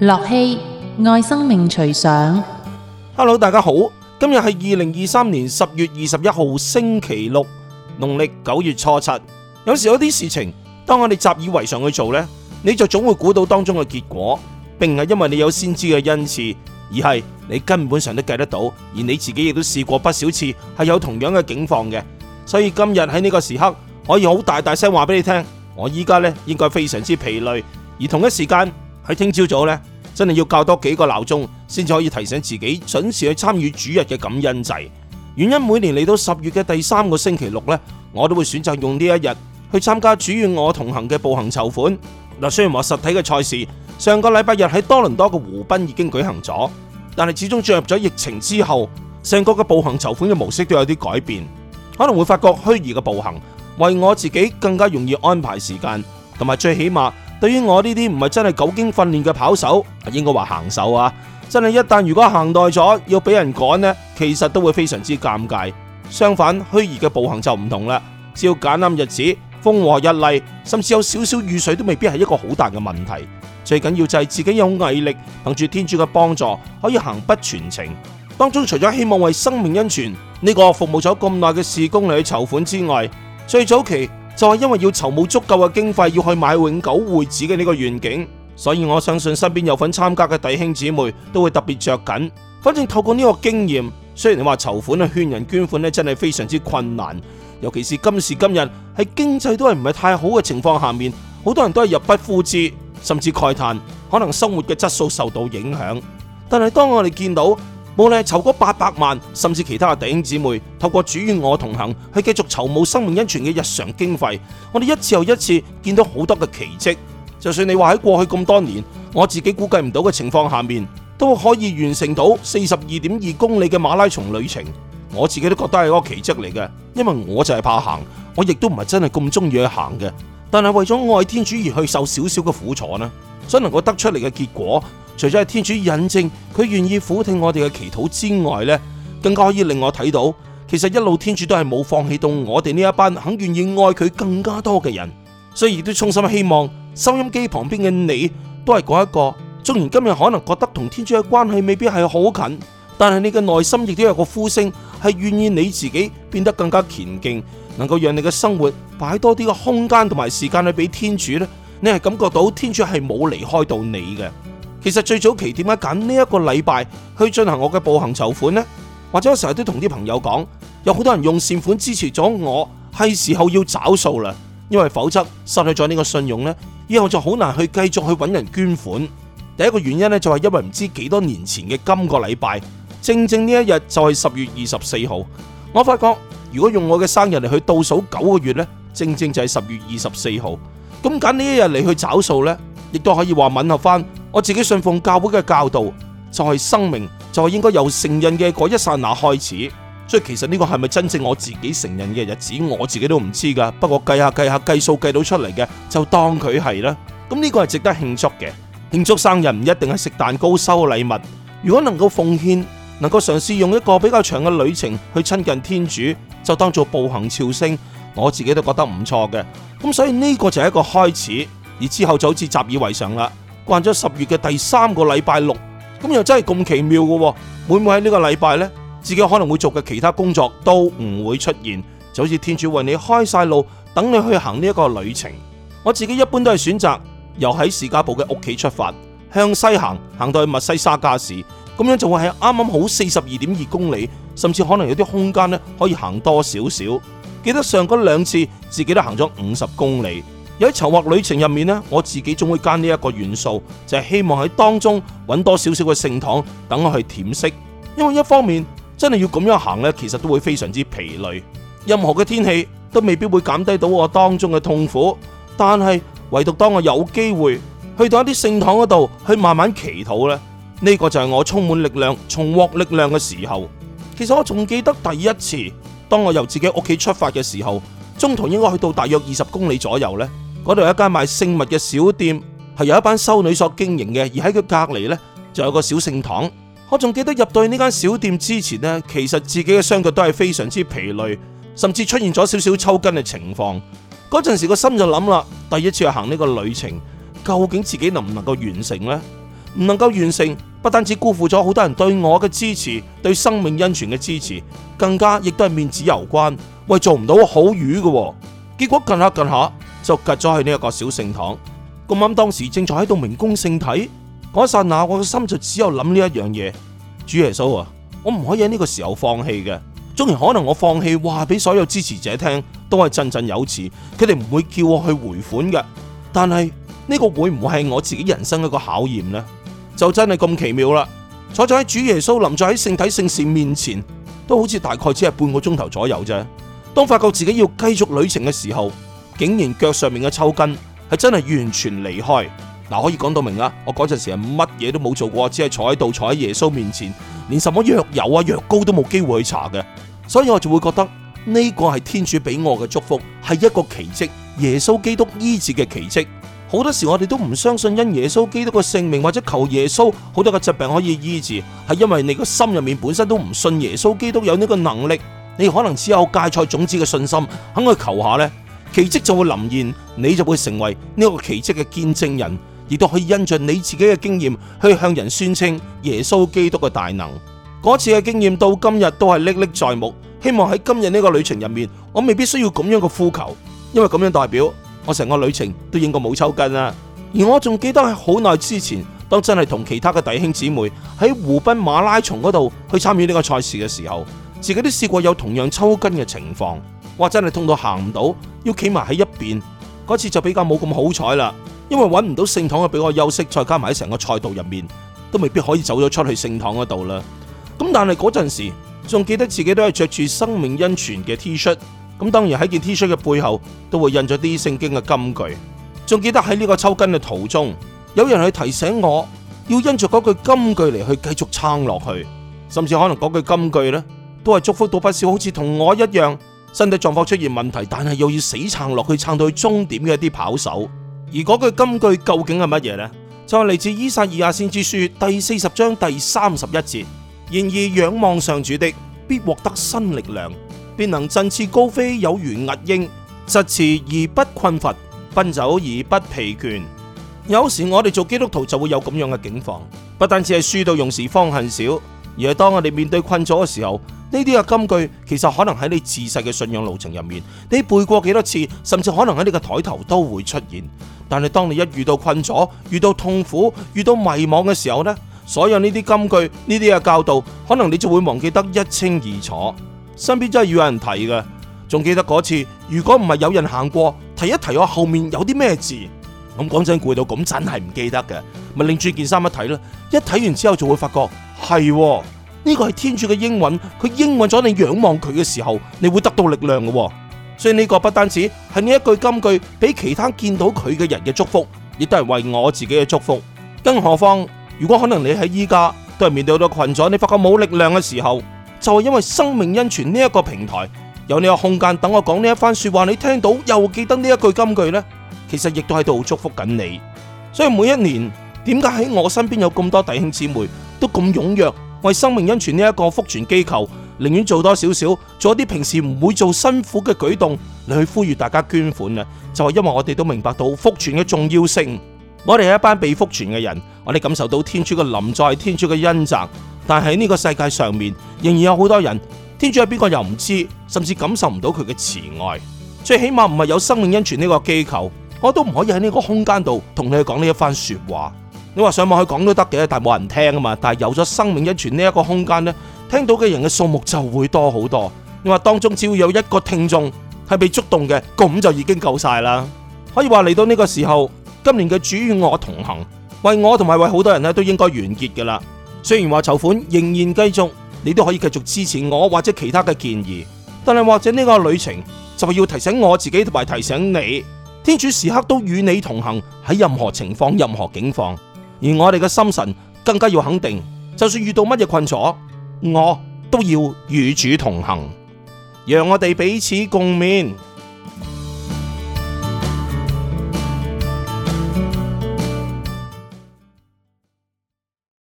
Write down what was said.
駱曦愛生命隨想，Hello，大家好，今日係二零二三年十月二十一號星期六，農曆九月初七。有時有啲事情，當我哋習以為常去做呢，你就總會估到當中嘅結果，並唔係因為你有先知嘅恩賜，而係你根本上都計得到，而你自己亦都試過不少次係有同樣嘅境況嘅。所以今日喺呢個時刻，可以好大大聲話俾你聽，我依家呢應該非常之疲累，而同一時間。喺聽朝早咧，真係要多較多幾個鬧鐘，先至可以提醒自己準時去參與主日嘅感恩祭。原因每年嚟到十月嘅第三個星期六咧，我都會選擇用呢一日去參加主與我同行嘅步行籌款。嗱，雖然話實體嘅賽事上個禮拜日喺多倫多嘅湖濱已經舉行咗，但係始終進入咗疫情之後，成個嘅步行籌款嘅模式都有啲改變，可能會發覺虛擬嘅步行為我自己更加容易安排時間，同埋最起碼。對於我呢啲唔係真係久經訓練嘅跑手，應該話行手啊！真係一旦如果行耐咗，要俾人趕呢，其實都會非常之尷尬。相反，虛擬嘅步行就唔同啦，只要揀啱日子，風和日麗，甚至有少少雨水都未必係一個好大嘅問題。最緊要就係自己有毅力，憑住天主嘅幫助，可以行畢全程。當中除咗希望為生命恩泉呢、這個服務咗咁耐嘅事工嚟去籌款之外，最早期。就係因為要籌募足夠嘅經費，要去買永久會址嘅呢個願景，所以我相信身邊有份參加嘅弟兄姊妹都會特別着緊。反正透過呢個經驗，雖然你話籌款啊、勸人捐款咧，真係非常之困難，尤其是今時今日喺經濟都係唔係太好嘅情況下面，好多人都係入不敷支，甚至慨嘆可能生活嘅質素受到影響。但係當我哋見到，無論係籌過八百萬，甚至其他嘅弟兄姊妹透過主與我同行去繼續籌募生命恩泉嘅日常經費，我哋一次又一次見到好多嘅奇蹟。就算你話喺過去咁多年，我自己估計唔到嘅情況下面，都可以完成到四十二點二公里嘅馬拉松旅程，我自己都覺得係一個奇蹟嚟嘅。因為我就係怕行，我亦都唔係真係咁中意去行嘅，但係為咗愛天主而去受少少嘅苦楚呢，所以能夠得出嚟嘅結果。除咗係天主引證佢願意俯聽我哋嘅祈禱之外呢，更加可以令我睇到，其實一路天主都係冇放棄到我哋呢一班肯願意愛佢更加多嘅人，所以亦都衷心希望收音機旁邊嘅你都係嗰一個。縱然今日可能覺得同天主嘅關係未必係好近，但係你嘅內心亦都有個呼聲，係願意你自己變得更加虔敬，能夠讓你嘅生活擺多啲嘅空間同埋時間去俾天主呢，你係感覺到天主係冇離開到你嘅。其實最早期點解揀呢一個禮拜去進行我嘅步行籌款呢？或者我成日都同啲朋友講，有好多人用善款支持咗我，係時候要找數啦，因為否則失去咗呢個信用呢。以後就好難去繼續去揾人捐款。第一個原因呢，就係因為唔知幾多年前嘅今個禮拜，正正呢一日就係十月二十四號。我發覺如果用我嘅生日嚟去倒數九個月呢，正正就係十月二十四號。咁揀呢一日嚟去找數呢，亦都可以話吻合翻。我自己信奉教會嘅教導，就係、是、生命就係、是、應該由成人嘅嗰一剎那開始。所以其實呢個係咪真正我自己成人嘅日子，我自己都唔知㗎。不過計下計下計數計到出嚟嘅，就當佢係啦。咁、嗯、呢、這個係值得慶祝嘅，慶祝生日唔一定係食蛋糕收禮物。如果能夠奉獻，能夠嘗試用一個比較長嘅旅程去親近天主，就當做步行朝聖，我自己都覺得唔錯嘅。咁、嗯、所以呢個就係一個開始，而之後就好似習以為常啦。慣咗十月嘅第三個禮拜六，咁又真係咁奇妙嘅，會唔會喺呢個禮拜呢，自己可能會做嘅其他工作都唔會出現，就好似天主為你開晒路，等你去行呢一個旅程。我自己一般都係選擇由喺士家堡嘅屋企出發，向西行，行到去密西沙加市，咁樣就會係啱啱好四十二點二公里，甚至可能有啲空間呢可以行多少少。記得上嗰兩次自己都行咗五十公里。有喺籌劃旅程入面咧，我自己總會揀呢一個元素，就係、是、希望喺當中揾多少少嘅聖堂，等我去唞息。因為一方面真係要咁樣行呢，其實都會非常之疲累，任何嘅天氣都未必會減低到我當中嘅痛苦。但係唯獨當我有機會去到一啲聖堂嗰度去慢慢祈禱呢，呢、這個就係我充滿力量、重獲力量嘅時候。其實我仲記得第一次當我由自己屋企出發嘅時候，中途應該去到大約二十公里左右呢。嗰度有一間賣聖物嘅小店，係由一班修女所經營嘅。而喺佢隔籬呢，就有個小聖堂。我仲記得入到去呢間小店之前呢，其實自己嘅雙腳都係非常之疲累，甚至出現咗少少抽筋嘅情況。嗰陣時個心就諗啦，第一次去行呢個旅程，究竟自己能唔能夠完成呢？唔能夠完成，不單止辜負咗好多人對我嘅支持，對生命恩泉嘅支持，更加亦都係面子有關。喂，做唔到好瘀嘅。哦，結果近下近下。就隔咗去呢一個小聖堂，咁啱當時正坐喺度明供聖體嗰一剎那，我嘅心就只有諗呢一樣嘢：主耶穌啊，我唔可以喺呢個時候放棄嘅。縱然可能我放棄話俾所有支持者聽都係振振有詞，佢哋唔會叫我去回款嘅，但係呢個會唔會係我自己人生一個考驗呢？就真係咁奇妙啦！坐咗喺主耶穌臨在喺聖體聖事面前，都好似大概只係半個鐘頭左右啫。當發覺自己要繼續旅程嘅時候，竟然腳上面嘅抽筋係真係完全離開嗱、啊，可以講到明啊。我嗰陣時係乜嘢都冇做過，只係坐喺度坐喺耶穌面前，連什麼藥油啊、藥膏都冇機會去查嘅。所以我就會覺得呢個係天主俾我嘅祝福，係一個奇迹，耶穌基督醫治嘅奇迹。好多時我哋都唔相信，因耶穌基督嘅聖名，或者求耶穌，好多嘅疾病可以醫治，係因為你個心入面本身都唔信耶穌基督有呢個能力，你可能只有芥菜種子嘅信心，肯去求下呢。奇迹就會臨現，你就會成為呢個奇迹嘅見證人，亦都可以因着你自己嘅經驗去向人宣稱耶穌基督嘅大能。嗰次嘅經驗到今日都係歷歷在目。希望喺今日呢個旅程入面，我未必需要咁樣嘅呼求，因為咁樣代表我成個旅程都應該冇抽筋啦。而我仲記得喺好耐之前，當真係同其他嘅弟兄姊妹喺湖濱馬拉松嗰度去參與呢個賽事嘅時候，自己都試過有同樣抽筋嘅情況。我真係痛到行唔到，要企埋喺一邊，嗰次就比較冇咁好彩啦，因為揾唔到聖堂嘅俾我休息，再加埋喺成個賽道入面都未必可以走咗出去聖堂嗰度啦。咁但係嗰陣時仲記得自己都係着住生命恩泉嘅 T 恤，咁當然喺件 T 恤嘅背後都會印咗啲聖經嘅金句，仲記得喺呢個抽筋嘅途中，有人去提醒我要因着嗰句金句嚟去繼續撐落去，甚至可能嗰句金句呢，都係祝福到不少，好似同我一樣。身體狀況出現問題，但係又要死撐落去，撐到去終點嘅一啲跑手。而嗰句金句究竟係乜嘢呢？就係嚟自《依撒意亞先知書》第四十章第三十一節。然而仰望上主的，必獲得新力量，便能振翅高飛，有如兀鷹疾馳而不困乏，奔走而不疲倦。有時我哋做基督徒就會有咁樣嘅境況，不單止係書到用時方恨少，而係當我哋面對困阻嘅時候。呢啲嘅金句其實可能喺你自細嘅信仰路程入面，你背過幾多次，甚至可能喺你嘅枱頭都會出現。但係當你一遇到困阻、遇到痛苦、遇到迷茫嘅時候呢？所有呢啲金句、呢啲嘅教導，可能你就會忘記得一清二楚。身邊真係要有人提嘅，仲記得嗰次，如果唔係有人行過提一提我後面有啲咩字，咁講真攰到咁真係唔記得嘅，咪擰住件衫一睇啦，一睇完之後就會發覺係。呢個係天主嘅應允，佢應允咗你仰望佢嘅時候，你會得到力量嘅喎。所以呢個不單止係呢一句金句，俾其他見到佢嘅人嘅祝福，亦都係為我自己嘅祝福。更何況，如果可能你在在，你喺依家都係面對好多困難，你發覺冇力量嘅時候，就係因為生命恩泉呢一個平台，有呢個空間等我講呢一番說話，你聽到又記得呢一句金句呢，其實亦都喺度祝福緊你。所以每一年，點解喺我身邊有咁多弟兄姊妹都咁踴躍？為生命恩泉呢一個福傳機構，寧願做多少少，做一啲平時唔會做辛苦嘅舉動嚟去呼籲大家捐款嘅，就係、是、因為我哋都明白到福傳嘅重要性。我哋係一班被福傳嘅人，我哋感受到天主嘅臨在，天主嘅恩澤。但係呢個世界上面仍然有好多人，天主係邊個又唔知，甚至感受唔到佢嘅慈愛。最起碼唔係有生命恩泉呢個機構，我都唔可以喺呢個空間度同你去講呢一番說話。你話上網去講都得嘅，但係冇人聽啊嘛。但係有咗生命恩泉呢一個空間呢，聽到嘅人嘅數目就會多好多。你話當中只要有一個聽眾係被觸動嘅，咁就已經夠晒啦。可以話嚟到呢個時候，今年嘅主與我同行，為我同埋為好多人呢都應該完結噶啦。雖然話籌款仍然繼續，你都可以繼續支持我或者其他嘅建議，但係或者呢個旅程就係要提醒我自己同埋提醒你，天主時刻都與你同行，喺任何情況、任何境況。而我哋嘅心神更加要肯定，就算遇到乜嘢困阻，我都要與主同行，讓我哋彼此共勉。